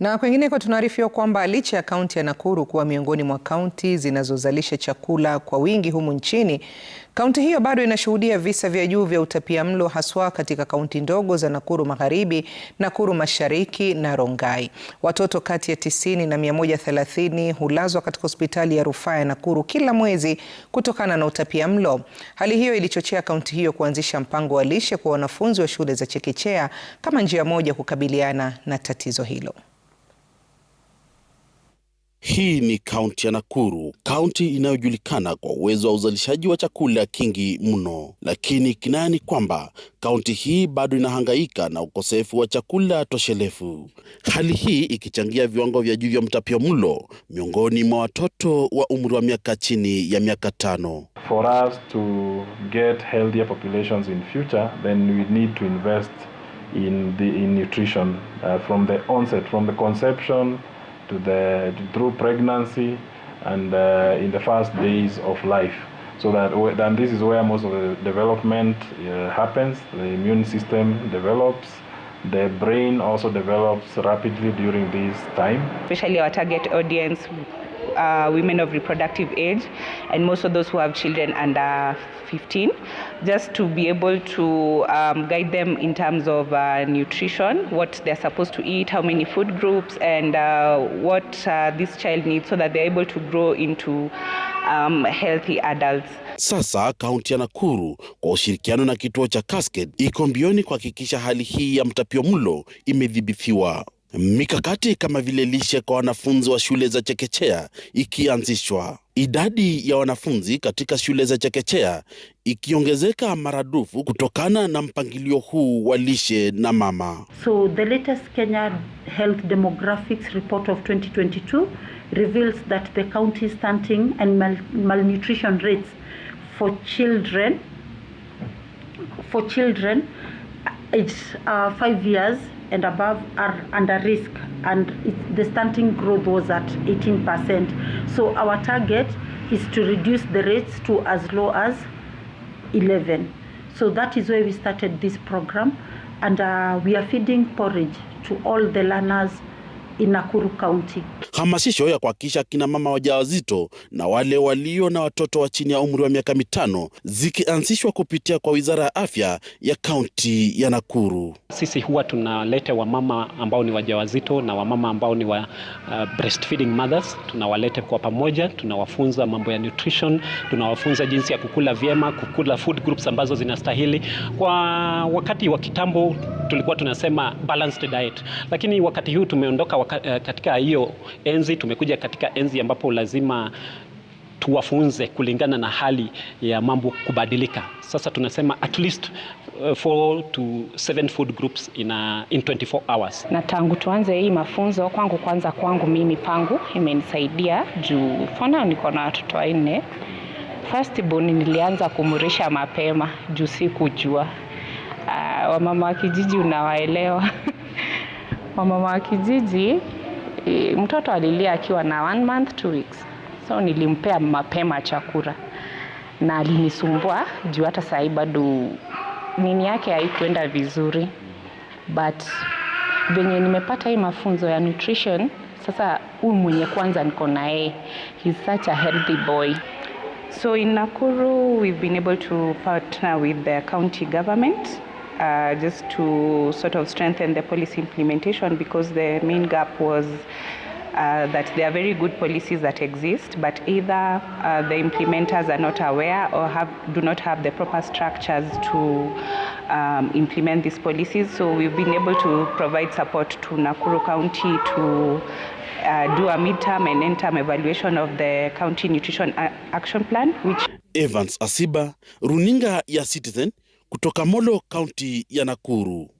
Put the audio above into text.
Na kwengineko tunaarifiwa kwamba licha ya kaunti ya Nakuru kuwa miongoni mwa kaunti zinazozalisha chakula kwa wingi humu nchini, kaunti hiyo bado inashuhudia visa vya juu vya utapiamlo haswa katika kaunti ndogo za Nakuru Magharibi, Nakuru Mashariki na Rongai. Watoto kati ya 90 na 130 hulazwa katika hospitali ya rufaa ya Nakuru kila mwezi kutokana na utapiamlo. Hali hiyo ilichochea kaunti hiyo kuanzisha mpango wa lishe kwa wanafunzi wa shule za chekechea kama njia moja kukabiliana na tatizo hilo. Hii ni kaunti ya Nakuru, kaunti inayojulikana kwa uwezo wa uzalishaji wa chakula kingi mno, lakini kinaya ni kwamba kaunti hii bado inahangaika na ukosefu wa chakula toshelefu, hali hii ikichangia viwango vya juu vya mtapio mlo miongoni mwa watoto wa umri wa miaka chini ya miaka tano. For us to get healthier populations in future, then we need to invest in the in nutrition uh, from the onset, from the conception to the to, through pregnancy and uh, in the first days of life. So that then this is where most of the development uh, happens. The immune system develops. The brain also develops rapidly during this time. Especially our target audience uh, women of reproductive age and most of those who have children under 15 just to be able to um, guide them in terms of uh, nutrition what they're supposed to eat how many food groups and uh, what uh, this child needs so that they're able to grow into um, healthy adults sasa kaunti ya Nakuru kwa ushirikiano na kituo cha Cascade iko mbioni kuhakikisha hali hii ya mtapio mlo imedhibitiwa Mikakati kama vile lishe kwa wanafunzi wa shule za chekechea ikianzishwa, idadi ya wanafunzi katika shule za chekechea ikiongezeka maradufu kutokana na mpangilio huu wa lishe na mama. So the latest Kenya Health Demographics report of 2022 reveals that the county stunting and mal malnutrition rates for children for children aged uh, 5 years and above are under risk and the stunting growth was at 18%. So our target is to reduce the rates to as low as 11. So that is where we started this program and uh, we are feeding porridge to all the learners Nakuru County. Hamasisho ya kuhakikisha kina mama wajawazito na wale walio na watoto wa chini ya umri wa miaka mitano zikianzishwa kupitia kwa Wizara ya Afya ya kaunti ya Nakuru. Sisi huwa tunalete wamama ambao ni wajawazito na wamama ambao ni wa uh, breastfeeding mothers, tunawalete kwa pamoja, tunawafunza mambo ya nutrition, tunawafunza jinsi ya kukula vyema, kukula food groups ambazo zinastahili. Kwa wakati wa kitambo tulikuwa tunasema balanced diet, lakini wakati huu tumeondoka waka, eh, katika hiyo enzi tumekuja katika enzi ambapo lazima tuwafunze kulingana na hali ya mambo kubadilika. Sasa tunasema at least 4 eh, to 7 food groups in, a, in 24 hours. Na tangu tuanze hii mafunzo kwangu, kwanza kwangu mimi pangu imenisaidia juu fana niko na watoto wanne. First born nilianza kumurisha mapema juu sikujua. Uh, wamama wa kijiji unawaelewa wamama wa kijiji e, mtoto alilia akiwa na one month two weeks, so nilimpea mapema chakula na alinisumbua juu hata sahii bado nini yake haikuenda vizuri, but venye nimepata hii mafunzo ya nutrition sasa, huyu mwenye kwanza niko na yeye, he's such a healthy boy. So in Nakuru we've been able to partner with the county government uh, just to sort of strengthen the policy implementation because the main gap was uh, that there are very good policies that exist, but either uh, the implementers are not aware or have, do not have the proper structures to um, implement these policies. So we've been able to provide support to Nakuru County to uh, do a midterm and end-term evaluation of the county nutrition action plan. Which Evans Asiba, runinga ya Citizen kutoka Molo, kaunti ya Nakuru.